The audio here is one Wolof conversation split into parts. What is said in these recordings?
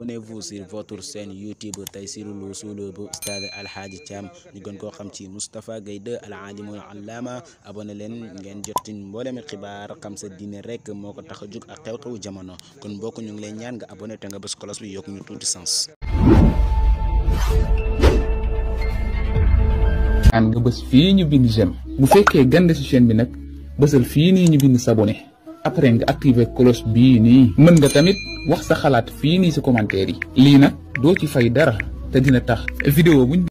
Abonnez-vous sur votre chaîne YouTube Taysiroul Wousoul bu koo xam ci Moustapha Gueye 2 al alimul allama abonné leen ngeen jotin mboolemi xibaar xam sa diine rek moo ko tax a jóg ak kon mbokk ñu ngi lay ñaan nga abonné te nga bës cloche bi yokk ñu tuuti sens aan nga bës fii ñu bind j'aime bu fekkee gande ci bi nag bësal fii nii ñu bind s'abonner après nga activer cloche bii nii mën nga tamit wax sa xalaat fii nii si commentaire yi lii nag doo ci fay dara te dina tax vidéo buñ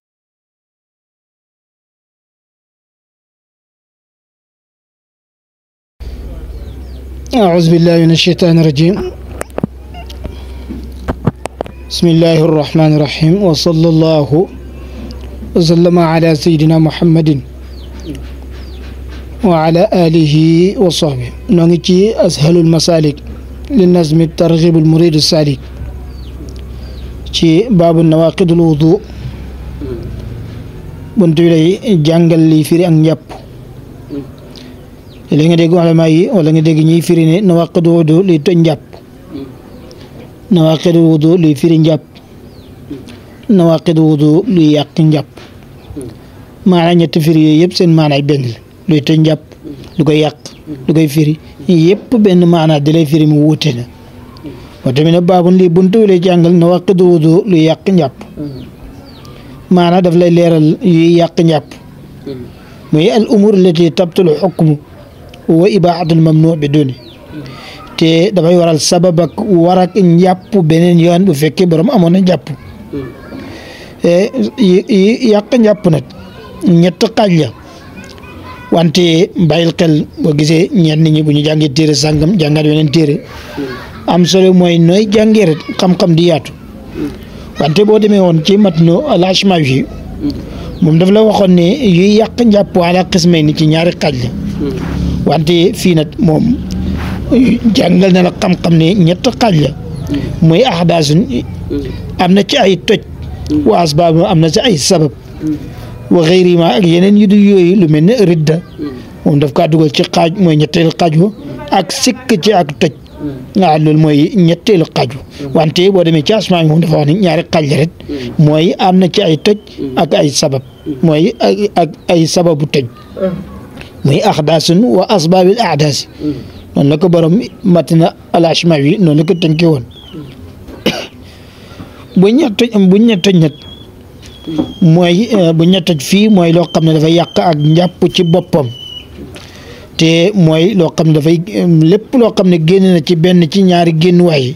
أعوذ بالله من الشيطان الرجيم بسم الله الرحمن الرحيم وصلى الله وسلم على سيدنا محمد وعلى آله وصحبه نغتي أسهل المسالك li nazmi targhibul muridu sadiq ci baabu nawaqidul wudu bunt bi day jàngal li firi ak njàpp li nga dégg ulama yi wala nga dégg ñiy firi ne nawaqidul wudu li toj firi njàpp nawaqidul wudu li yàq njàpp maanaam ñetti firi yooyu yëpp seen maanaay benn luy toj njàpp lu koy yàq lu koy firi yëpp benn maanaa di lay firi mu wuute na moo tamit nag baabun lii buntu lay jàngal na wax du wudu lu yàq njàpp maanaa daf lay leeral yuy yàq njàpp muy al umur lati tabtul xukmu wa ibaatul mamnu bi duni te dafay waral sabab ak war ak njàpp beneen yoon bu fekkee borom amoon na njàpp eh, yàq njàpp nag ñett xaaj la wante bàyyil xel boo gisee ñenn ñi bu ñu jàngee téere sàngam jàngaat weneen téere am solo mooy nooy jàngee rek xam-xam di yaatu wante boo demee woon ci matnu al-Ashmawi moom daf la waxoon ne yuy yàq njàpp wala xismay ni ci ñaari xaaj fii nag moom jàngal na la xam-xam ne ñett xaaj la mooy axdaasun am na ci ay toj wa asbaab am na ci ay sabab وغيري ما ينن يدوي لمن رده وندفع دول شقاع ما يتل قاجو أكسك جاء أكتج نعل الموي يتل قاجو وأنت يبغى دم جاس ما يهون فاني يارك قلجرد موي أمن جاء أكتج أك أي سبب موي أك أي سبب تج أه. موي أحداث وأسباب الأحداث نلقى برم متنا الأشمعي نلقى تنكيون بنيت بنيت بنيت mooy euh, bu ñu toj fii mooy loo xam ne dafay yàq ak njàpp ci boppam te mooy loo xam ne dafay euh, lépp loo xam ne génn na ci benn ci ñaari génnuwaay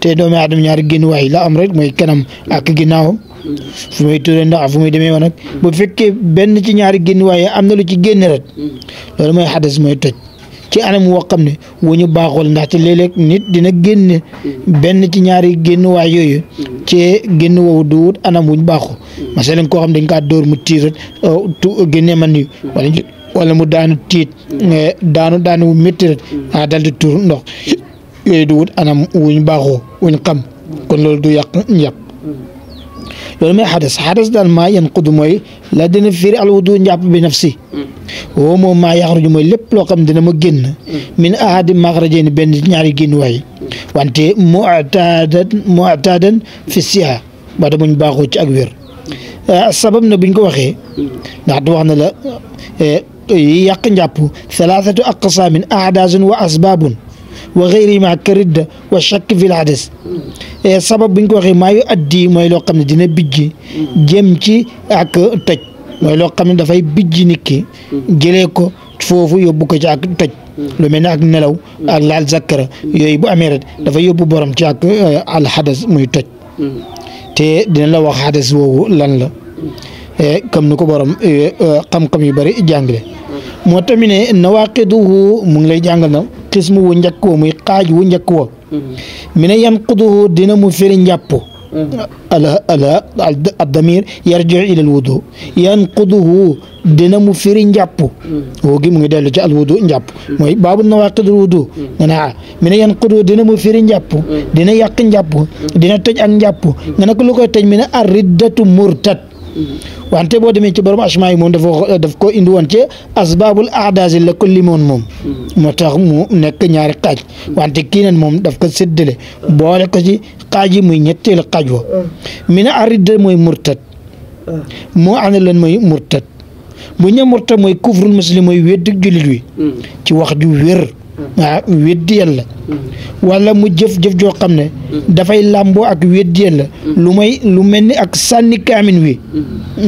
te doomi aadama ñaari génnuwaay la am rek mooy kanam ak ginnaawam fu muy turee ndax fu muy demee woon nag bu fekkee benn ci ñaari génnuwaay am na lu ci génne rek loolu mooy xadas mooy toj. ci anam woo xam ne wu ñu baaxool ndaxte léeg-léeg nit dina génn benn ci ñaari génn waay yooyu ci génn woowu du wut anam wuñ baaxoo masalan koo xam dañ ka dóor mu tiir euh, tu génne ma ni wala mu daanu tiit daanu daanu wu métti rek ah dal di tuur ndox yooyu du wut anam wuñ baaxoo wuñ xam kon loolu du yàq yàq ولما حدث حدث ده ما ينقض موي لا دين فيري على ودو نجاب بنفسي وهم ما يخرج موي لب لو قم دين مجن من أحد مخرجين بين نياري جن واي وانت معتادا معتادا في السياح بعد من باخوج أكبر أه، السبب نبين كوخي نعدو عنا لا أه، يقن جابو ثلاثة أقصى من أعداز وأسباب wa xëyri ma ak ridda wa shakk fi lhadis sabab buñ ko waxee maa yu addi mooy loo xam ne dina bijji jëm ci ak toj mooy loo xam ne dafay bijji nit ki jëlee ko foofu yóbbu ko ci ak toj lu mel ne ak nelaw ak laal zakkara yooyu bu amee rek dafa yóbbu borom ci ak alxadas muy toj te dina la wax xadas woowu lan la comme ni ko borom xam-xam yu bëri jàngale moo tamit ne nawaaqiduhu mu ngi lay jàngal na xismu wu njëkk wa muy xaaj wu njëkk wa mi ne yanquduhu dina mu firi njàpp mm-hmm. ala addamir yarjiu ila alwudu yanquduhu dina mu firi njàpp mm-hmm. woo gi mu ngi dellu ci alwudu njàpp mm-hmm. mooy baabu nawaqidul wudu nga ne ah mi ne yanquduhu dina mu firi njàpp dina yàq njàpp dina tëj ak njàpp nga ne ko lu koy tëj mi ne arriddatu Mm-hmm. wante boo demee ci borom asmaa yi moom dafa daf koo indi woon ci asbaabul aadaasi la ko limoon moom mm-hmm. moo tax mu nekk ñaari xaaj mm-hmm. wante kii nag moom daf ko séddale boole ko ci xaaj yi muy ñetteelu xaaj wa mi ne aridda mooy murtad moo ana lan mooy murtad bu ña murtad mooy kufrul muslim mooy weddu jullit wi ci wax ju wér waaw weddi yàlla wala mu jëf-jëf joo xam ne dafay làmboo ak weddi yàlla lu may lu mel ni ak sànni kaamin wi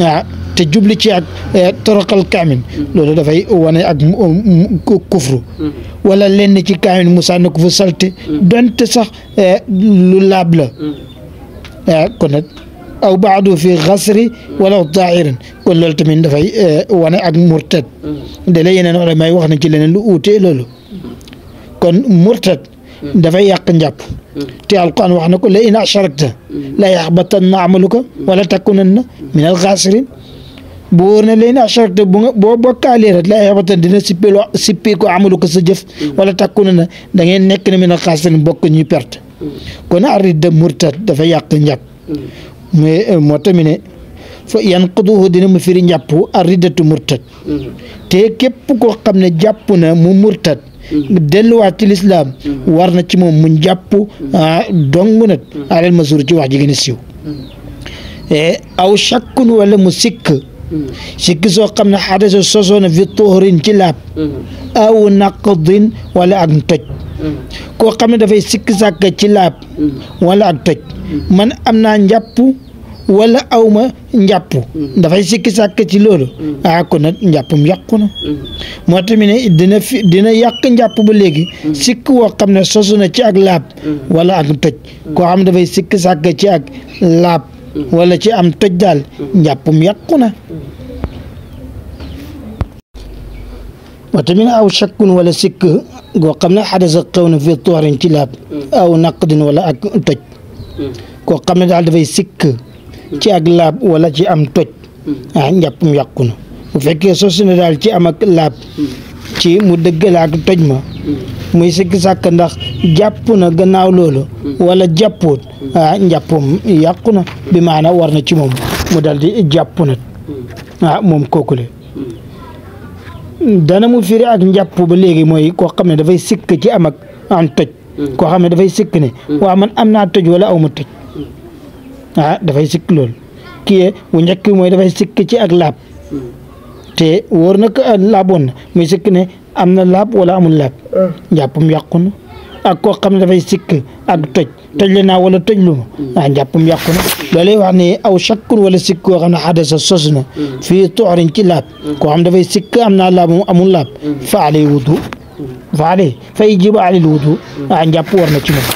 waaw te jubli ci ak toroxal kaamin loolu dafay wane ak kufru wala lenn ci kaamin mu sànni ko fu salte donte sax lu laab la waaw kon nag aw baadu fi xasri wala daahirin kon loolu tamit dafay wane ak murtad da la yeneen wala may wax na ci leneen lu uute loolu kon murtad hmm. dafay yàq njàpp hmm. te alquran wax na ko la in asharakta hmm. la yaxbatanna amaluka wala takunanna min alxaasirin bu wóor ne la in asharakta bu nga boo bokkaalee rek la yaxbatan dina sippiloo amalu ko sa jëf wala takunanna da ngeen nekk ne min alxaasirin bokk ñuy perte kon arridda murtad dafa yàq njàpp mais eh, moo tamit ne fa yanquduhu dina mu firi njàpp arriddatu murtad te képp ko xam ne jàpp na mu murtad delluwaat ci lislaam mm-hmm. war na ci moom mu jàpp mm-hmm. ah, dong nag mm-hmm. alal masuur ci wax ji gën a siiw eh, aw chakkun wala mu sikk sikk soo xam ne xadasa sosoona fi tuurin ci laab aw naqdin wala ak toj koo xam ne dafay sikk sàkk ci laab wala ak toj man am naa njàpp wala awma njàpp mm-hmm. dafay sikki sàkk ci loolu mm-hmm. ah kon nag njàppam yàqu na mm-hmm. moo tamit ne dina fi dina yàq njàpp ba léegi sikk woo xam ne sosu na ci ak laab wala ak toj koo xam dafay sikki sàkk ci ak laab wala ci am toj daal njàppam yàqu na moo tamit aw chakkun wala sikk goo xam ne xadasa xew na fii toorin ci laab aw naqdin wala ak toj koo xam ne daal dafay sikk ci ak laab walla ci am toj mm-hmm. ah njàppum yàqu na bu fekkee sos na daal ci am ak laab mm-hmm. ci mu dëggala toj ma mm-hmm. muy sikki sàkk ndax jàpp na gannaaw loolu walla jàppoot ah njàppum yàqu na bi maana war na ci moom mu dal di jàpp nag ah moom kookule dana mu firi ak njàpp ba léegi mooy koo xam ne dafay sikk ci am ak am toj koo xam ne dafay sikk ne waa man am naa toj wala aw ma toj ah dafay sikk lool kii bu njëkk mooy dafay sikk ci ak laab te wóor na ko ah, laaboon na muy sikk ne am na laab wala amul laab ah. njàppam yàqu ak koo xam ne dafay sikk ak toj toj le naa wala toj lu ma hmm. ah njàppam yàqu na loolay wax ne aw chakkun wala sikk koo xam ne xadasa sos na hmm. fii tuxrin ci laab hmm. koo xam dafay sikk am naa laab amul laab fa alay wudu fa alay fay jiba alil wudu ah njàpp war na ci moom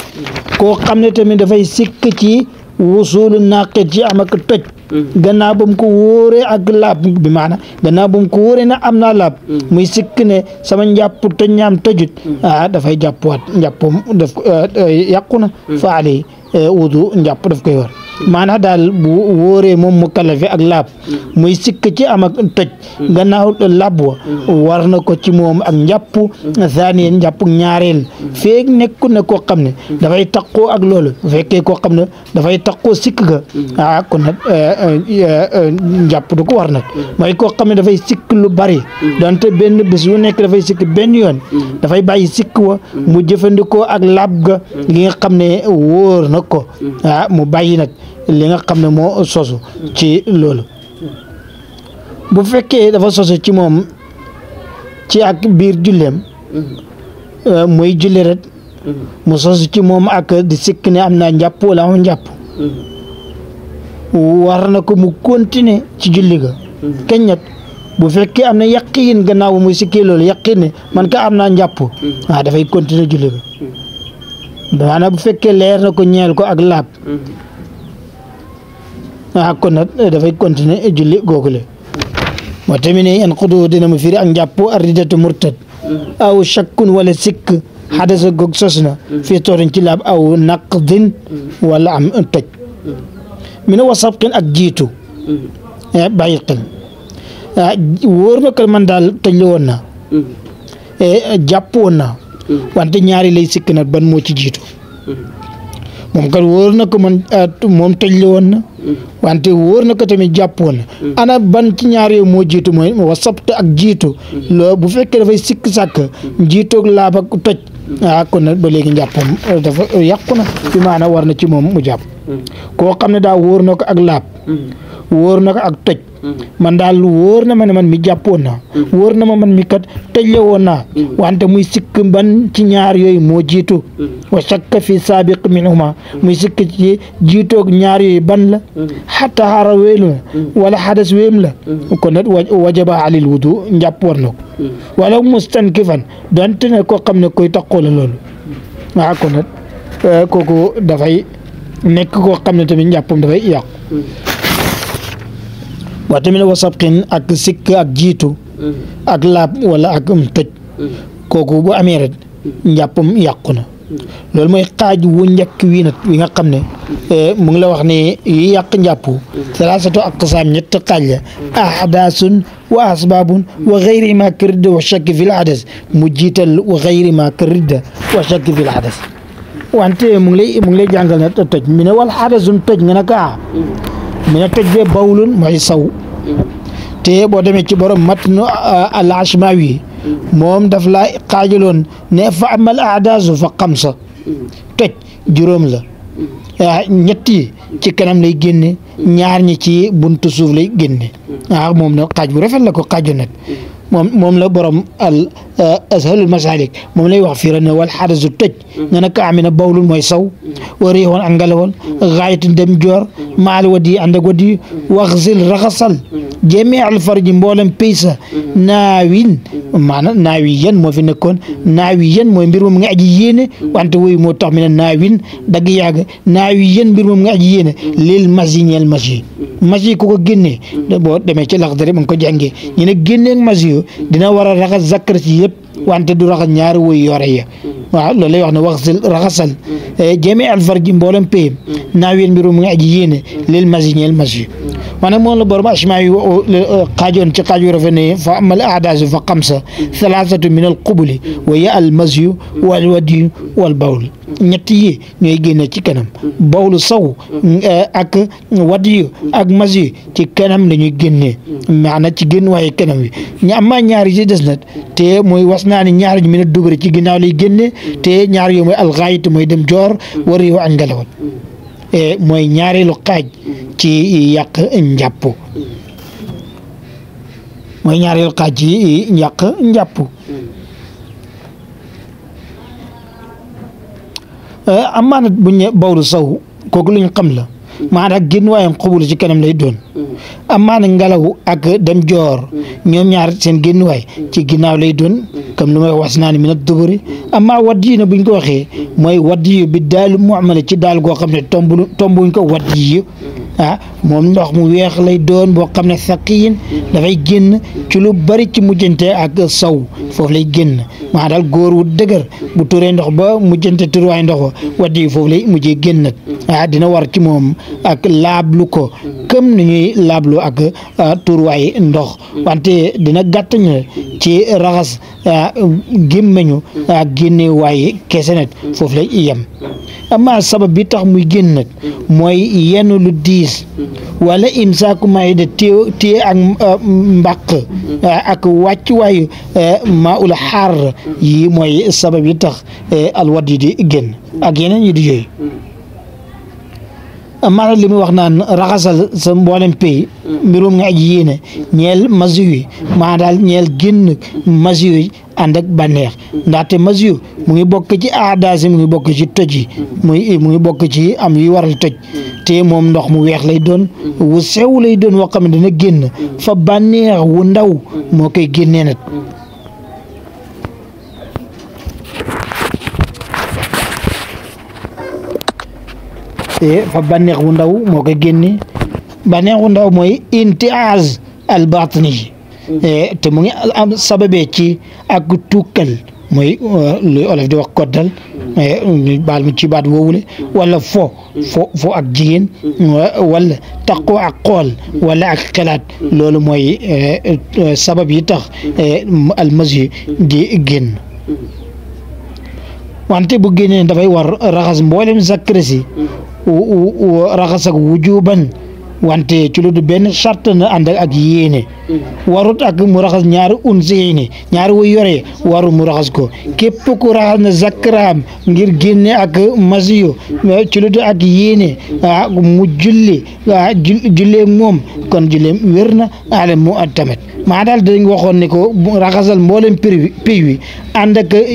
koo xam ne tamit dafay sikk ci wusulu naaqit ji amak ak toj mm. gannaaw ba mu ko wóoree ak laab bi maana gannaaw ba mu ko wóoree na am naa laab mm. muy sikk ne sama njàpp toj ñaam tojut mm. ah dafay jàppuwaat njàppam daf euh, euh, yàqu na fa Eh, wudu njàpp daf koy war maanaam daal bu wóoree moom mu kalafe ak laab muy sikk ci am ak toj gannaaw laab wa war na ko ci moom ak njàpp zaaniyeen njàpp ñaareel feeg nekku na koo xam ne dafay taqoo ak loolu fekkee koo xam ne dafay taqoo sikk ga ah kon nag eh, eh, njàpp du ko war nag mooy koo xam ne dafay sikk lu bari donte benn bés wu nekk dafay sikk yoon dafay bàyyi sikk wa mu jëfandikoo ak laab ga li xam ne wóor na nag ko ah mu bàyyi nag li nga xam ne moo sosu ci loolu bu fekkee dafa sosu ci moom ci ak biir julleem ah, muy julli rek mu sosu ci moom ak di sikk ne am naa njàpp wala am na ko mu continuer ci julli ga am na yaqiin gannaaw muy sikkee loolu yaqiin ne njàpp waaw ah, dafay continuer julli ga maanaam bu fekkee leer na ko ñeel ko ak laab mhm. ah kon nag eh, dafay continuer julli googule moo tamit ne en xudu dina mu firi ak njàpp arridatu murtad mhm. aw chakkun wala sikk mhm. xadasa goog sos na fii ci laab aw naqdin wala am toj mi ne wasabqin ak jiitu eh, bàyyi xel ah, wóor na ko man daal toj la woon na eh, jàpp woon na wante ñaari lay sikk na ban moo ci jiitu moom kat wóor na ko man ah, moom toj la woon na wante wóor na ko tamit jàpp na ana ban ci ñaar yooyu moo jiitu mooy wa sabt ak jiitu loo bu fekkee dafay sikk sàkk jiitoog laab ak toj ah kon nag ba léegi njàppam euh, dafa euh, yàqu na bi maanaam war na ci moom mu jàpp koo xam ne daa wóor na ko ak laab wóor na ko ak toj mm-hmm. man daal woor na ma ne man mi jàppoon naa mm-hmm. woor na ma man mi kat la woon naa mm-hmm. wante muy sikk ban ci ñaar yooyu moo jiitu wa shakka fi saabiq min huma muy sikk ci jiitoog ñaar yooyu ban la xatta xara wéelu la wala xadas wéem la kon nag wajaba alil wudu njàpp war na ko wala mustankifan donte ne koo xam ne koy taqoo la loolu waa kon nag eh, kooku dafay nekk koo xam ne tamit njàppam dafay yàqu wax tamit wa sabqin ak sikk ak jiitu mm-hmm. ak laab wala ak um tëj mm-hmm. kooku bu amee rek mm-hmm. njàppam yàqu na loolu mooy xaaj wu njëkk wii wi nga xam ne eh, mu ngi la wax ne yi yàq njàpp salaasatu aqsaam ñett xaaj la ahdaasun wa asbaabun wa xayri ma wa shakk fi l hadas mu jiital wa xayri ma wa shakk fi l hadas wante mu ngi lay na toj mi ne wal hadasun toj nga ne ko ah. mi ne tëj bee bawulun mooy saw te boo demee ci borom matnu uh, al wi moom daf laa xaajaloon ne fa amal aadaasu fa xamsa toj juróom la uh, ñetti ci kenam lay génne ñaar ñi ci buntu suuf lay génne ah moom na xaaj bu rafet la ko xaaju nag moom la borom ashalul masalik moom lay wax fii rek ne wal xarasu toj nga ne ka amina bawlul mooy saw wa réexoon ak ngelawal xaayitin dem joor maal wadi ànd ak wadi waxsil raxasal jamial farji mboolem paysa naawin maanaam naawi yan moo fi nekkoon naawi yan mooy mbir moom nga aji yéene wante woyu moo tax mi ne naawin dagg yàgg naawi yan mbir moom nga aji yéene lil masi ñeel masi masi ku ko génnee boo demee ci laxdari mu ngi ko jàngee ñu ne génneeg masi yo dina war a raxas zakkar ci وأنت دو رغ نيار وي يوريا لو لي وخنا يعنى وغسل رغسل إيه، جميع الفرج مبولم بيم ناوين بيرو مي اجيين للمزين المسجد وانا مول بروم اش ماي آه، قاجون تي قاجو رفني فاما الاعداز فقمسه ثلاثه من القبل ويا المزي والودي والبول ñett yi ñooy génne ci kanam bawlu saw eh, ak wadd yu ak mas yu ci kanam lañuy ñuy maana ci génn waaye kenam wi ñu am maa ñaari ci des nag te mooy was naa ne ñaar ñu mën a ci ginnaaw lay génne te ñaar yooyu mooy alxaayit mooy dem joor war yow ak ngelawal eh, mooy ñaareelu xaaj ci yàq njàpp mooy ñaareelu xaaj ci yàq njàpp amana bu ñu nee bawlu saw kooku lu ñu xam la maanaam génn waaye xobul ci kanam lay doon. amaana ngelaw ak dem joor mm. ñoom ñaar seen génnuwaay mm. ci ginnaaw lay doon mm. comme lu may wax naa ne mi na duburi amaa wadd yi na buñ ko waxee mooy wadd yi bi daalu muamale ci daal goo xam ne tomb tombuñ ko wadd yi ah moom ndox mu weex lay doon boo xam ne saqiin dafay génn ci lu bari ci mujjante ak saw foofu lay génn maa daal góor wu dëgër bu turee ndox ba mujjante turuwaay ndox wa wadd yi foofu lay mujjee génn ah dina war ci moom ak laablu ko comme ni laablu ak euh, tuurwaay ndox mm. wante dina gàttañ ci raxas euh, gémmeñu ak mm. euh, génne waay kese nag mm. foofu la yem amma sabab bi tax muy génn mooy yenn lu diis wala imsaaku may de téye téye ak mbàq ak wàcc waayu maa ul xaar yi mooy sabab yi tax alwad yi di génn ak yeneen yi di yooyu maanaam li mu wax naan raxasal sa mboolem pay mbirum nga aji yéene ñeel masiyu yi maa daal ñeel génn masiyu yi ànd ak bànneex ndaxte masiyu mu ngi bokk ci aadaas yi mu ngi bokk ci toj yi muy mu ngi bokk ci am yuy waral toj te moom ndox mu weex lay doon wu sew lay doon woo xam ne dina génn fa bànneex wu ndaw moo koy génnee nag fa bànneex bu ndaw moo koy génne bànneex bu ndaw mooy intiaz al batni te mu ngi am sababee ci ak tukkal mooy luy olof di wax koddal ñu baal mu ci baat woowule wala fo fo fo ak jigéen wala taqoo ak xool wala ak xelaat loolu mooy sabab yi tax almasi di génn wante bu génnee dafay war raxas mboolem zakkre si raxas ak wujuban wante ci lu benn charte na ànd ak yéene warut ak mu raxas ñaari unsiini ñaari wu yore waru mu raxas ko képp ku raxas na zakraam ngir génne ak masiyo eh, ci lu du ak yéene ah, mu julli ah, jullee moom kon jullee wér na ale mu tamit maa daal dañ waxoon ni ko raxasal mboolem piy wi ànd ak eh,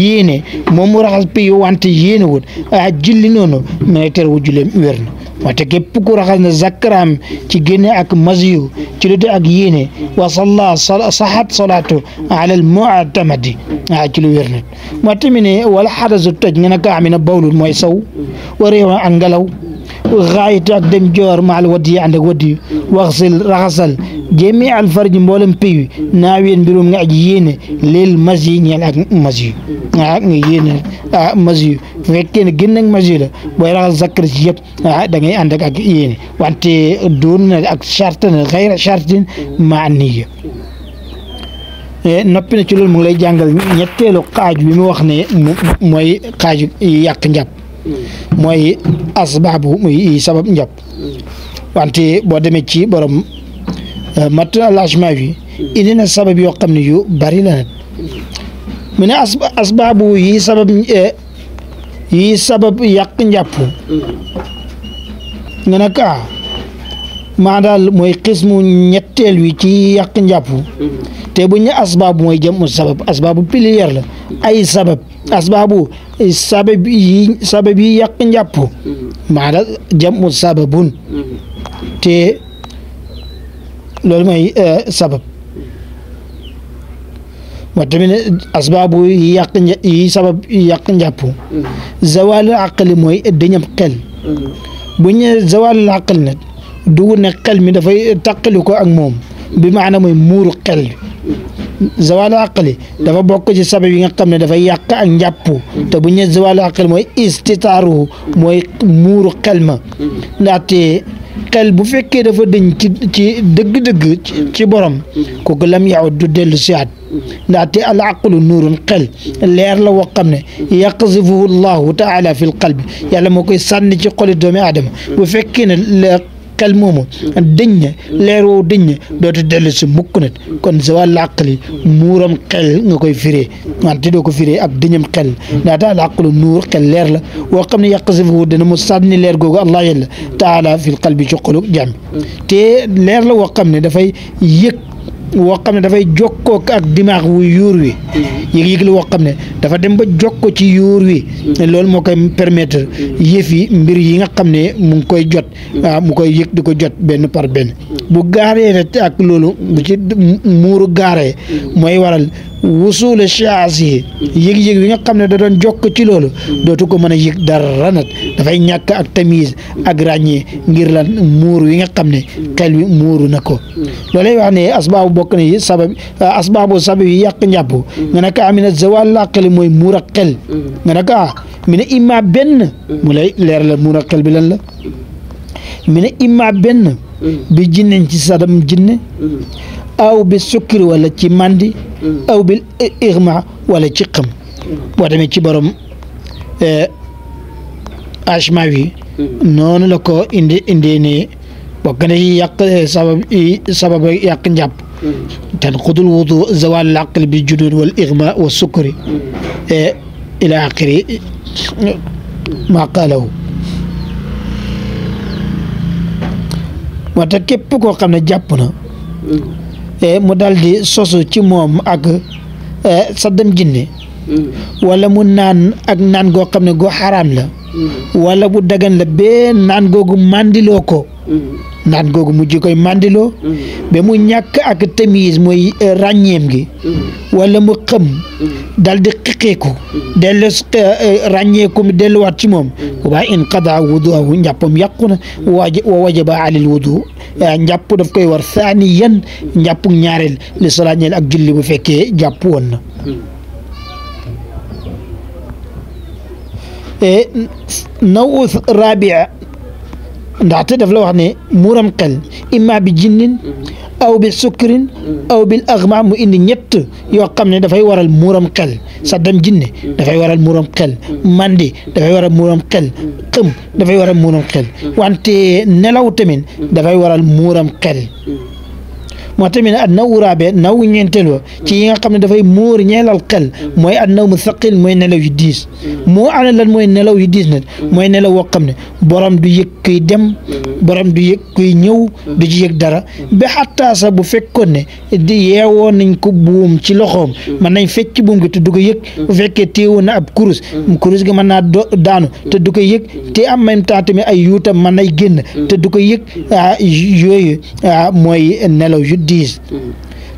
yéene moom mu raxas piy wante yéene wut ah julli noonu mais terewul julleem wér na wante képp ku raxas na zakaraam ci génne ak masiyu ci lu ak yéene wa salla saxat salaatu alal mu'tamadi ah ci lu wér na wante mi ne wala xadasu toj nga na ko amina bawlul mooy saw wa réew ak ngelaw غاية جور مع الودي عند الودي واغسل رغسل جميع الفرج مولم بي ناوين بروم نعجيين للمزي يعني اك مزي اك يين مزي فكين جنن مزي لا باي رغسل ذكر يب داغي عندك اك يين وانت دون اك شرط غير شرط معنيه noppi na ci loolu mu ngi lay jàngal ñetteelu xaaj bi mu wax ne mooy asbaabu muy sabab njàpp wante boo demee ci borom euh, mat alajma bi indi na sabab yoo xam ne yu bari la nag mu ne as asbaabu yi sabab euh, yi sabab yàq njàpp nga ne ah maa daal mooy xismu ñetteel wi ci yàq njàpp te bu ñu asbaabu mooy jëm sabab asbaabu pilier la ay sabab asbaabu sabab yi sabab yi yàq njàpp mm-hmm. maanaam jamu sababun mm-hmm. te loolu mooy euh, sabab mm-hmm. moo tamit ne asbaabu yi yàq yi sabab yi yàq njàpp zawalul aqli mooy dañam xel bu ñu zawalul aqli nag dugg ne xel mi dafay taqali ko ak moom bi maanaam mooy muuru xel zawaalu aqli dafa bokk ci sabab yi nga xam ne dafa yàq ak njàpp te bu ñe zawaalu aqli mooy istitaaruhu mooy muuru xel ma ndaxte bu fekkee dafa dëñ ci ci dëgg-dëgg ci borom kooku lam yaw du dellu siaat ndaxte al aqlu nuurun xel leer la woo xam ne yaqzifuhu llahu taala fi l qalbi yàlla moo koy sànni ci xoli doomi aadama bu fekkee ne xel moomu dëñ na leer woowu dëñ na dootu dellu si mukk nag kon zawal aqli muuram xel nga koy firee wante doo ko firee ak dëñam xel ndaata al aqlu nuur xel leer la woo xam ne yàqasifuhu dana mu sànni leer googu allah yàlla taala fil qalbi ci xolu te leer la woo xam ne dafay yëg woo xam ne dafay jokkoo ak dimaax wuy yuur wi mm-hmm. yëg-yëg la woo xam ne dafa dem ba ko ci yuur wi mm-hmm. loolu moo koy permettre mm-hmm. yëf yi mbir yi nga xam ne mu ngi koy jot waaw mu koy yëg di ko jot benn par benn bu gaaree nag ak loolu bu ci muuru gaaree mooy waral wusuule chaas yëg-yëg yi nga xam ne da doon jokk ci loolu dootu ko mën a yëg dara nag dafay ñàkk ak tamise ak ràññee ngir lan muuru yi nga xam ne kel wi muuru na ko loolay wax ne asbaabu bokk na sabab asbaabu sabab yi yàq njàpp nga ne ah, mi ne zawal laqali mooy muur ak xel nga ne ko ah, mi ne imma benn mu lay leer la muur ak bi lan la mi ne imma benn بجن انت صدم جن أو بالسكر ولا تماندي أو بالإغماء ولا تي تقم ودمي تبرم أشماوي نون لكو اندي انديني وكان يق سبب سبب يق نجاب تنقض الوضوء زوال العقل بالجنون والإغماء والسكر إلى آخره ما قاله moo tax képp koo xam ne jàpp na mm. eh, mu daldi di sosu ci moom ak eh, saddam jinne mm. wala mu naan ak naan goo xam ne goo xaraam la mm. walla bu dagan la bee naan googu mandiloo ko naat googu mujj koy mandiloo ba mu ñàkk ak tamise mooy ràññeem gi wala mu xëm dal di xiqeeku dellu ràññeeku delluwaat ci moom waaye in qada wuduahu njàppam yàqu wa wajaba alil wudu njàpp daf koy war thaniyan njàpp ñaareel li salaa ñeel ak julli bu fekkee jàpp woon نعطي في لوحة مورم قل إما بجن أو بسكر أو بالأغمى مؤن نبت يوقم دفعي ورا المورم قل صدام جن دفعي ورا المورم قل ماندي دفعي ورا المورم قل قم دفعي ورا المورم قل وانت نلو تمن دفعي ورا المورم قل moo tamit ad naw raabee naw ñeenteel wa ci yi nga xam ne dafay moor ñeelal xel mooy ad na mu saqil mooy nelaw yu diis moo ana lan mooy nelaw yi diis na mooy nelaw woo xam ne borom du yëg kuy dem borom du yëg kuy ñëw du ci dara ba xattaa bu fekkoon ne di yeewoon nañ ko ci loxoom mën nañ fecc buum du ko yëg bu fekkee téewoon na ab kurus kurus gi mën naa daanu te du ko yëg te en même temps tamit ay yuutam mën nay génn te du ko yëg ah, yooyu ah, mooy nelaw yu diis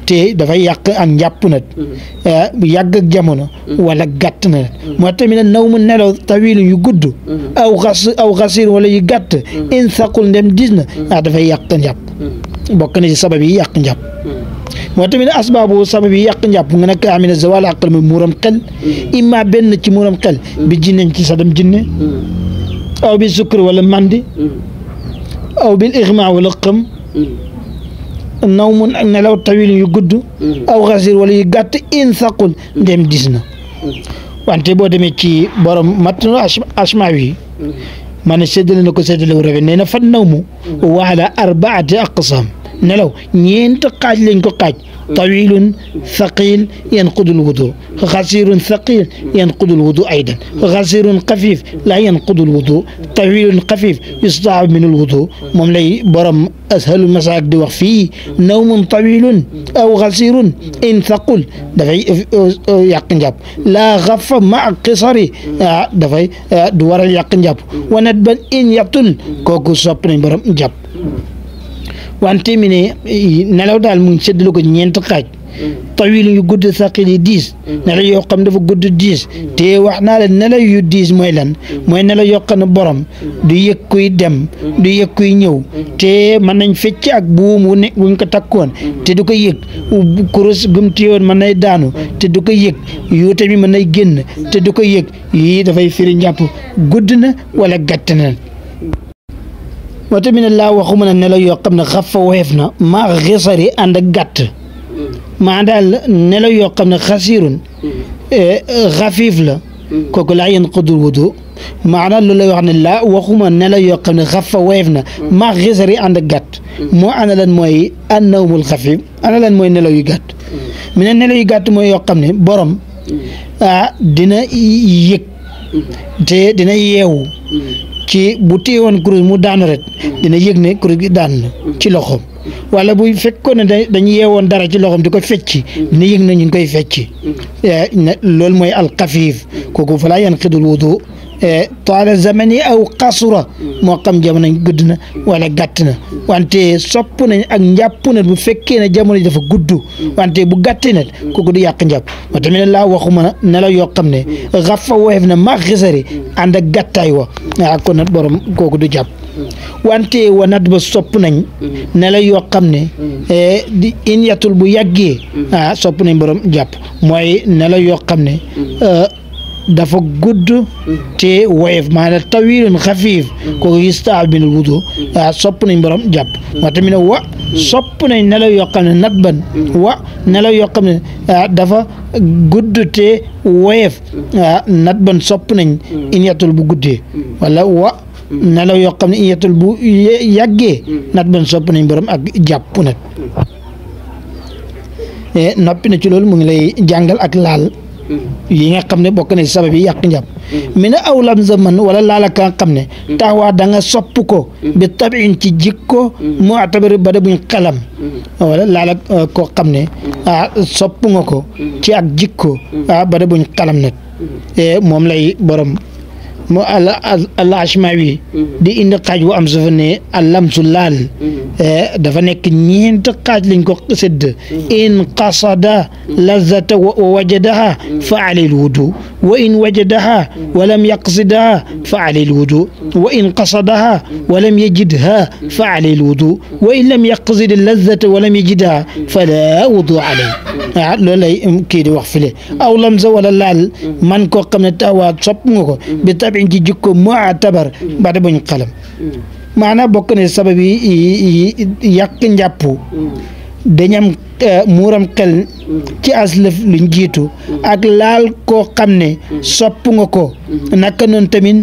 te dafay yàq am njàpp na bu mm-hmm. eh, yàgg ak jamono mm-hmm. wala gàtt na moo tamit nag naw nelaw tawil yu gudd mm-hmm. aw xas aw xasir wala yu gàtt in saqul ndem diis na ah dafay yàq njàpp bokk na ci sabab yi yàq njàpp moo tamit asbaabu sabab yi yàq njàpp nga nekk amina zawal aqal mu muuram xel imma benn ci muuram xel bi jinneñ ci sadam jinne aw bi sukkur wala mandi aw bil ixma wala xëm nawmun ak nelaw tawil yu gudd mm-hmm. aw xasir wala yu gàtt in saqul mm-hmm. ndem dis na mm-hmm. wante boo demee ci borom matt achma wi ma ne séddale na ko séddale wu rafet nee na fan nawmu waala arbaati aqsaam نلو ñeent xaaj lañ ko طويل ثقيل ينقض الوضوء غزير ثقيل ينقض الوضوء أيضا غزير قفيف لا ينقض الوضوء طويل قفيف يستعب من الوضوء مملي برم أسهل المساعد وفيه نوم طويل أو غزير إن ثقل دفعي يقن جاب لا غف مع قصري دفعي دوار يقن جاب وندبا إن يطل كوكو سبرين برم جاب wante mi ne nelaw daal mu ngi séddale ko ñeent xaaj tawil yu gudd saqil yi diis nelaw yoo xam dafa gudd diis te wax naa la nelaw yu diis mooy lan mooy nelaw yoo xam ne borom du yëg kuy dem du yëg kuy ñëw te mën nañ fecc ak buum wu ne wuñ ko takkoon te du ko yëg kurus gum téyoon mën nay daanu te du ko yëg yu tamit mën nay génn te du ko yëg yii dafay firi njàpp gudd na wala gàtt na wata mi ne laa waxuma na nelaw yoo ne xaf fa na ma xisari ànd ak gàtt maa nelaw yoo xam ne xasirun e, xafiif la kooku la yéen xudul wudu maanaam ne laa nelaw yoo xam ne xaf fa na ma xisari ànd gàtt moo ana lan mooy annawmul xafiif ana lan mooy nelaw yi gàtt mi ne nelaw yu gàtt mooy yoo xam ne borom ah dina yëg te dina yeewu ci bu téyewoon kurus mu daanu ret dina yëg ne kurus gi daan na ci loxoom wala bu fekkoon ne dañu yeewoon dara ci loxoom di ko fecci dina yëg na ñu ngi koy fecci mm. eh, loolu mooy alxafiif kooku falaa yanqidul wudu E, taala zamani aw kasura moo xam jamono gudd na wala gàtt na wante sopp nañ ak njàpp na bu fekkee ne jamono dafa gudd wante bu gàttee na kooku du yàq njàpp moo la waxuma ne la yoo xam ne xafa na maa xisari ànd ak gàttaay wa ak kon nag borom kooku du jàpp wante wanat ba sopp nañ ne la yoo xam ne e, di in yatul bu yàggee a sopp nañ borom jàpp mooy ne la yoo xam ne e, dafa gudd te woyof maanaam tawilun xafiif kooku yustaab min wudu waaw sopp nañ borom jàpp moo mi na wa sopp nañ nelaw yoo xam ne nat ban wa nelaw yoo xam ne ah, dafa gudd te woyef waaw ah, nat ban sopp nañ iniyatul bu guddee wala wa nelaw yoo xam ne iniyatul bu yàggee nat ban sopp nañ borom ak jàpp nag eh, noppi na ci loolu mu ngi lay jàngal ak laal yii nga xam ne bokk na si sabab yàq njàpp mi na aw lam zaman wala laala ka nga xam ne taxawaa da nga sopp ko bi tabiin ci jikko mu atabari ba da buñ xelam wala laala euh, koo xam ne ah sopp nga ko ci ak jikko aa ba da buñ xelam nag e moom lay borom mu al al ashmawi mm-hmm. di indi xaaj bu am su fa ne allamsu laal mm-hmm. eh, dafa nekk ñeent xaaj lañ ko sëdd mm-hmm. in qasada lazata wa wajadaha fa alil wudu wa in wajadaha wa lam yaqsidaha fa alil wudu wa in qasadaha wa lam yajidha fa alil wudu wa in lam yaqsid lazata wa lam yajidha fa la wudu alay ah loolu lay um, kii di wax file aw lamsa wala laal man koo xam ne tawaat sopp nga ko rafin ci jikko mu'tabar ba da buñ xalam maanaam bokk ne sabab yi yàq njàpp dañam eh, muram xel ci aslëf luñ jiitu ak laal koo xam ne sopp nga ko naka noonu tamit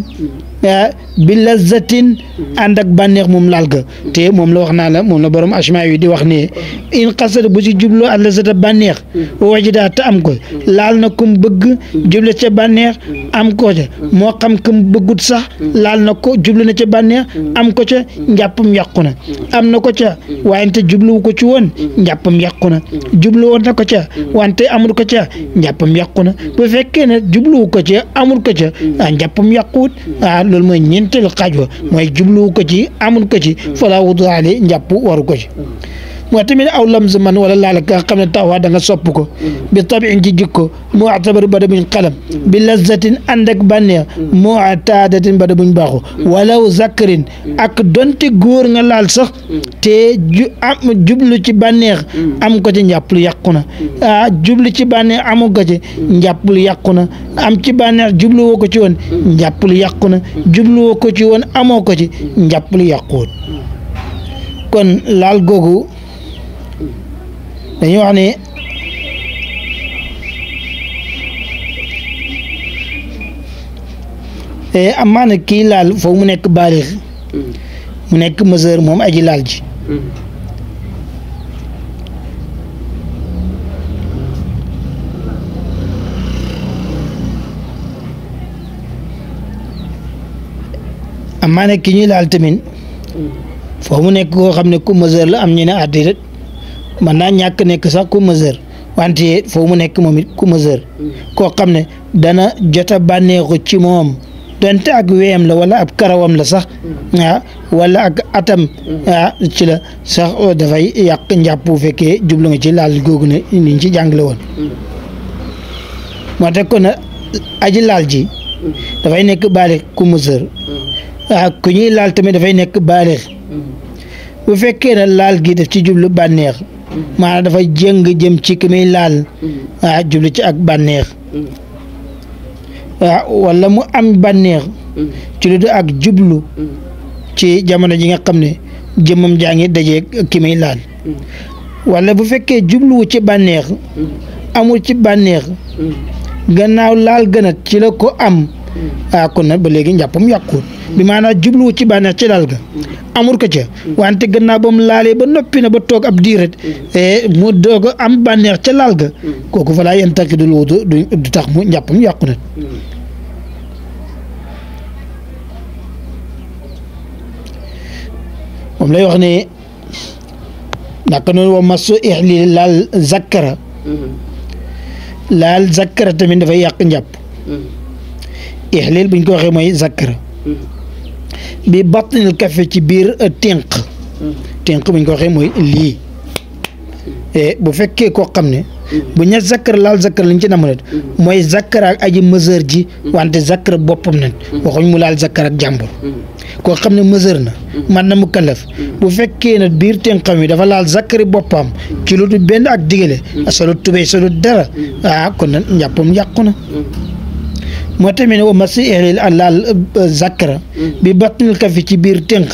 eh, bi lazzatin ànd ak bànneex moom laal ga te moom la wax naa la moom la boroom achma yi di wax ne in xasada bu ci jubloo ak lazzata bànneex wajidaa te am ko laal na kum bëgg juble ca bànneex am ko ca moo xam kum bëggut sax laal na ko juble na ca bànneex am ko ca njàppam yàqu na am na ko ca wante jubluwu ko ci woon njàppam yàqu na jublu woon ko ca wante amul ko ca njàppam yàqu na bu fekkee ne jubluwu ko ca amul ko ca ah, njàppam yàquwut ah loolu mooy ñeenteelu xaaj wa mooy jubluwu ko ci amul ko falaa wudu ale njàpp waru ko mooy tamit aw lamz man wala laal ka xam ne taxawaa da nga sopp ko bi tabin ci jikko moo atabaru ba da buñ xalam bi lazzatin ànd ak bànneex moo ataadatin ba da buñ baaxu walaw zakkarin ak donte góor nga laal sax te jublu ci bànneex am ko ci njàpp lu yàqu na ah jublu ci bànneex amu ko ci njàpp lu yàqu na am ci bànneex jublu ko ci woon njàpp lu yàqu na jublu woo ko ci woon amoo ci njàpp lu yàquwut kon laal googu dañuy wax ne kii laal foog mu nekk baalix mm. mu nekk mesure moom aji laal ji mm. amaana ki ñuy laal tamit mm. foo mu nekk koo xam ne ku la am ñu ne addi ah man naa ñàkk nekk sax ku majeur wante foo mu nekk moom it ku majeur koo xam ne dana jot a bànneexu ci moom donte ak weem la wala ab karawam la sax mm. ah wala ak atam mm. ah ci la sax oh, dafay yàq njàpp bu fekkee jublu nga ci lal googu ne niñ ci jàngale woon mm. moo tax kon aji laal ji dafay nekk baaleex ku mësër ah ku ñuy laal tamit dafay nekk baaleex bu fekkee ne laal gi daf ci jublu bànneex maanaam dafa jëng jëm ci ki laal mm-hmm. ah jubli ci ak bànneex mm-hmm. waaw wala mu am bànneex mm-hmm. ci lu ak jublu ci jamono ji nga xam ne jëmmam jaa ngi dajee ki muy laal wala bu fekkee jubluwu ci bànneex amul ci bànneex gannaaw laal gënat ci la ko am ah kon nag ba léegi njàppam yàquut bi maanaam jubluwu ci bànneex ci laal ga amul ko ca wante gannaaw ba mu laalee ba noppi na ba toog ab diiret mm. eh, mu doog a am bànneex ca laal ga mm. kooku fa laa yéen du loolu du tax mu njàpp yàqu na mm. moom lay wax ne naka noonu wa masu ixli laal zakkara mm-hmm. laal zakkara tamit dafay yàq njàpp mm-hmm. ixlil buñ ko waxee mooy zakkara mm-hmm. bi batnil kafe ci biir euh, tënk tënk bu ñu ko waxee mooy lii hmm. bu fekkee koo xam ne hmm. bu ña zakkar laal zakkar lañ ci namm hmm. net mooy zakkar ak aji meseur ji wante zakkar boppam nag waxuñ mu laal zakkar ak jàmbur koo xam ne meseur na man na mu kalaf bu fekkee na biir tenqam yi dafa laal zakkari boppam ci lu du benn ak digale solo tubéy solo dara ah kon nag njàppam yàqu na متمن ومسيح للأنلال ذكر ببطن الكف في بير تنخ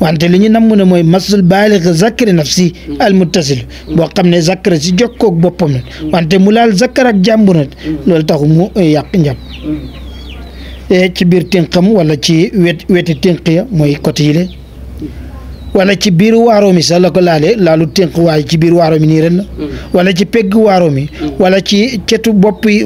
وانت لني نمونا موي مسل بالغ ذكر نفسي المتصل وقمنا ذكر سي جوكوك بوبم وانت مولال ذكر اك جامبونات لول تاخو مو ياق نجام ci biir tënkam wala ci wet weti tënk ya mooy wala ci biir waaro mi sax la ko laalee laalu tënk waaye ci biir waaro mi nii ren la mm-hmm. wala ci peg waaro mi mm-hmm. wala ci cetu boppi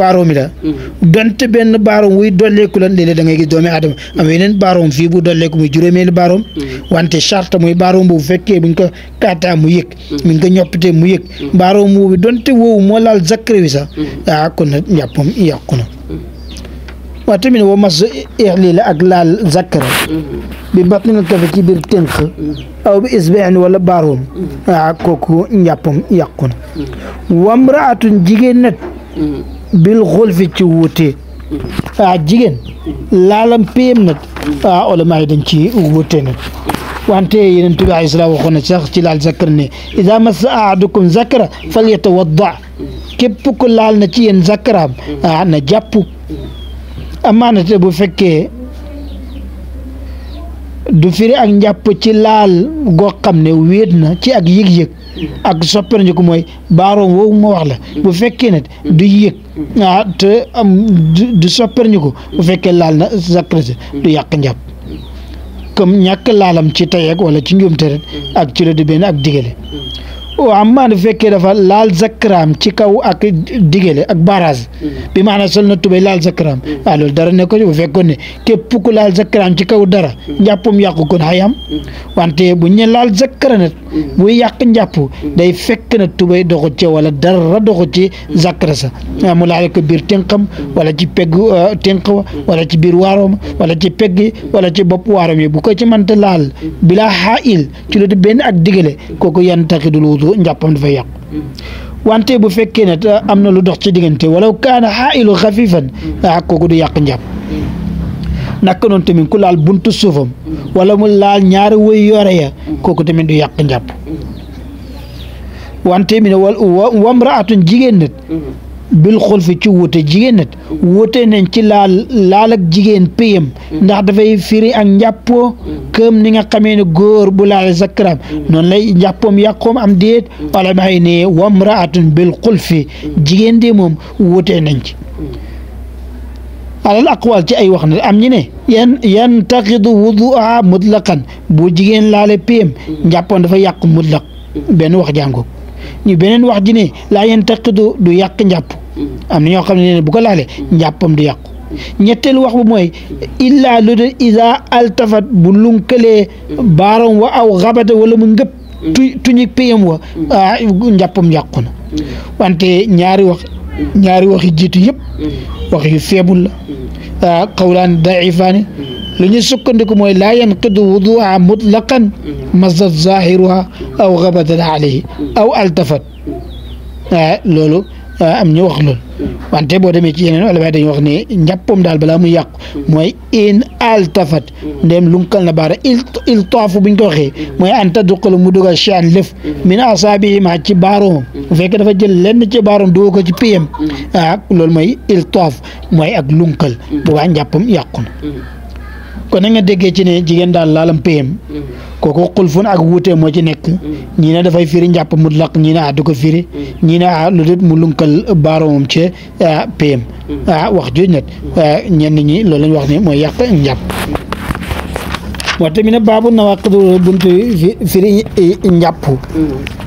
waaro mi la mm-hmm. donte benn baaroom wuy dolleeku lan léeg-léeg da ngay gis doomi aadama am yeneen baaroom fii bu dolleeku muy juróomeelu baaroom wante charte muy baaroom bu fekkee buñ ko kaataa mu yëg mi nga ñoppitee mu yëg baaroom woowu dont woowu moo laal zakkare wi sax ah kon nag njàppam waaw tamit wa mas ixlii la ak laal zakkara mm-hmm. bi batnina kafe ci biir tënk mm-hmm. aw bi isbeen wala baaroom mm-hmm. a ah, kooku njàppam yàqu na wamraatun jigéen nag bil xulfi ci wuute a ah, jigéen laalam péyam nag a ah, olama yi dañ ci wuute nag wante yeneen tubi alayhi salaam waxoon na sax ci laal zakkara ne ida massa ahadukum zakkara fal yatawadda képp ku laal na ci yéen zakkaraam a na jàpp amaanate bu fekkee du firi ak njàpp ci laal goo xam ne wéet na ci ak yëg-yëg ak soppandiku mooy baaroom woowu ma wax la bu fekkee ne du yëg ah te am du soppandiku bu fekkee laal na zakrase du yàq njàpp comme ñàkk laalam ci tayeeg wala ci njuum ak ci la benn ak digale waaw oh, maanaam bu fekkee dafa laal zakkaraam ci kaw ak digale ak barage mm-hmm. bi maanaam sol na tubéy laal zakkaraam waaw mm-hmm. ah, dara ne ko bu fekkoon ne képp ku laal zakkaraam ci kaw dara mm-hmm. njàppam yàqu kon xayam wante bu ñu laal zakkara nag bu yàq njàpp day fekk na tubéy doxu ci wala dara doxu ci zakkara sa ah, mu laal ko biir tënqam wala ci pegg ah, tënq wala ci biir waaroom wala ci pegg wala ci bopp waaroom yi bu ko ci mënta laal bilaa xaayil ci lu benn ak digale kooku yan taxidul du njàppam dafay yàqu wante bu fekkee ne am na lu dox ci diggante walaw kaana xaa'ilu xafifan mm. ah kooku du yàq njàpp mm. naka noonu tamit ku laal buntu suufam mm. wala mu laal ñaari woy yore ya kooku tamit du yàq njàpp wante mi ne wa wamraatun jigéen nit bil xulfi ci wuute jigéen nit wuute nañ ci laal laal ak jigéen payam ndax dafay firi ak njàppoo këm ni nga xamee ne góor bu laal zakram noonu lay njàppoom yàqoom am déet wala maxey ne wamraatun bil xulfi jigéen de moom wuute nañ ci alal aqwal ci ay wax na am ñi ne yan yantaqidu wudu'a mutlaqan bu jigéen laale payam njàppoon dafa yàq mutlaq benn wax jàngoo ñu beneen wax ji laa laa yantaqidu du yàq njàpp mm-hmm. am na ñoo xam ne bu ko laalee mm-hmm. njàppam du yàqu mm-hmm. ñetteel wax bu mooy illaa lu de isa altafat bu lunkalee baaram wa aw xabata wala mu ngëpp tu tuñu payam wa ah, njàppam yàqu na wante ñaari wax ñaari yi jiitu yëpp wax yu feebul la ah, qawlaan daifaani لني سكنك موي لا ينقض وضوء مطلقا مزت ظاهرها او غبت عليه او التفت آه لولو آه ام نيوخلو وان تبو دمي تي ينن ولا بعد يوخني نيابوم دال بلا مو ياق موي ان التفت نيم لونكل نبار ال طاف بن توخي موي ان تدخل مدوغا شان لف من اصابي ما تي بارو فيك دا جيل لن تي بارو دوغا تي بي ام آه لول موي ال طاف موي اك لونكل بو نيابوم ياقون kon na nga déggee ci ne jigéen daal laalam payem mm-hmm. kooku xulfun ak wuutee moo ci nekk mm-hmm. ñii ne dafay firi njàpp mutlaq ñii ne ah du ko firi mm-hmm. ah mu lunkal baaroomam ci ah, payem ah wax ju nag ah, ñenn ñi loolu lañ wax ne mooy yàq njàpp waxte mi ne baabu nawaqid buntu firi eh, njàpp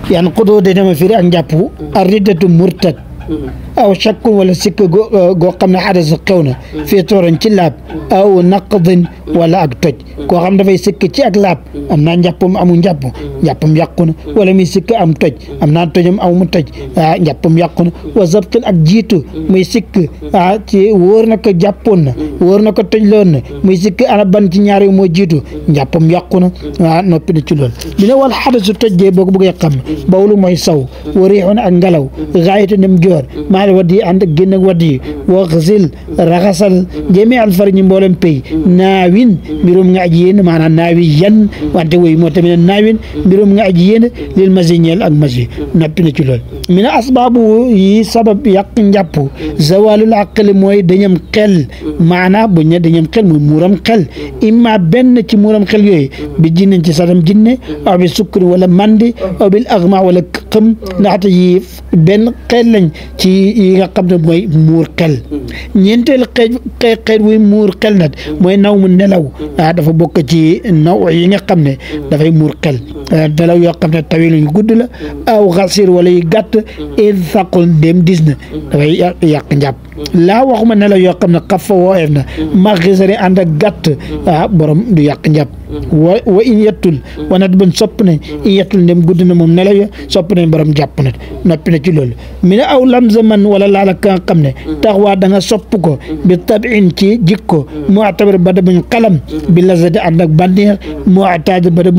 yan xudoo de dama firi ak njàpp ar riddatu murtad aw shakk wala sikk goo xam ne xadas xew na fii tuuran ci laab aw naqdin wala ak toj koo xam dafay sikk ci ak laab am naa njàppam am njàpp njàppam yàqu na wala muy sikk am toj am naa tojam amu toj ah njàppam yàqu na wa zabtul ak jiitu muy sikk ah ci wóor na ko jàppoon na wóor na ko tojloon na muy sikk ana ban ci ñaari moo jiitu njàppam yàqu na ah noppi na ci loolu dina wal xadasu tojjee boo ko bëggee xam bawlu mooy saw wa riixun ak ngelaw gaayatu nem الودي عندك جنك ودي وغزل رغسل جميع الفرن مولم بي ناوين ميروم نعجين معنا ناويين وانت وي موت من الناوين ميروم نعجين للمزينيال المزي نبتنا جلول من أسبابه سبب يقين جابو زوال العقل موي دنيم قل معنا بنيا دنيم قل موي مورم قل إما بن تي مورم قل يوي بجين انت سرم جن أو بالسكر ولا مندي أو بالأغمى ولا قم نعطي بن قل تي yi nga xam ne mooy muur xel mm-hmm. ñeenteelu xeet xeet wuy muur xel nag mm-hmm. mooy naw mu nelaw mm-hmm. ah dafa bokk ci naw yi nga xam ne dafay muur xel Euh, dalaw yoo xam ne tawil yu gudd la aw xasir wala yu gàtt id saqul ndéem dis na dafay yàq njàpp laa waxuma nelaw yoo xam ne xaf fa wooyeef na ma xisari ànd ak gàtt ah, borom du yàq njàpp wa wa in yettul wanat bun sopp nañ in yettul ndem gudd na moom nelaw ya sopp nañ borom jàpp na noppi na ci loolu mi ne aw lamza man wala laala ka nga xam ne tax waa da nga sopp ko bi tabin ci jikko mu atabar bada buñ xalam bi lazati ànd ak bànneex mu ataaj bada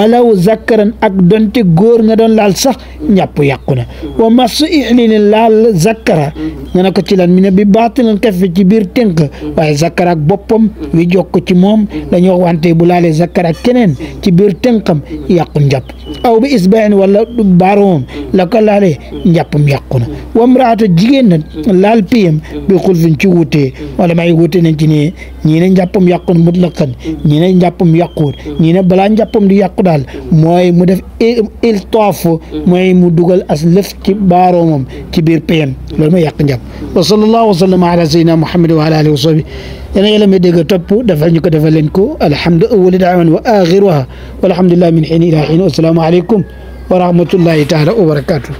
walaw zakkaran ak donte góor nga doon laal sax njàpp yàqu na wa masu ixlini laal zakkara nga ne ko ci lan mi ne bi baatilan kaf ci biir tënk waaye zakkara ak boppam wi jokk ci moom dañoo wante bu laale zakkara ak keneen ci biir tënkam yàqu njàpp aw bi isbain wala baaroom la ko laalee njàppam yàqu na wa mraata na laal piyam bi xulfin ci wutee wala may wute nañ ci ne ñii ne njàppam yàqu na mutlaqan ñii ne njàppam yàquwul ñii balaa njàppam di yàqu daal mooy mu def iltaaf mooy mu dugal as lëf ci baaroomam ci biir payam loolu mooy yàq njàpp wa sallallahu wa sallama ala sayyidina muhammad wa ala alihi wa sahbi yana yàlla may dégg topp defal ñu ko defal leen ko alhamdu awali daawan wa axiruha walhamdulilah min xiin ila xiin wasalaamu aleykum wa rahmatullahi taala wa barakatuh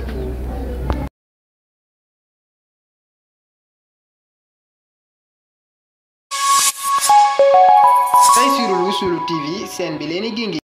80 bileni gingi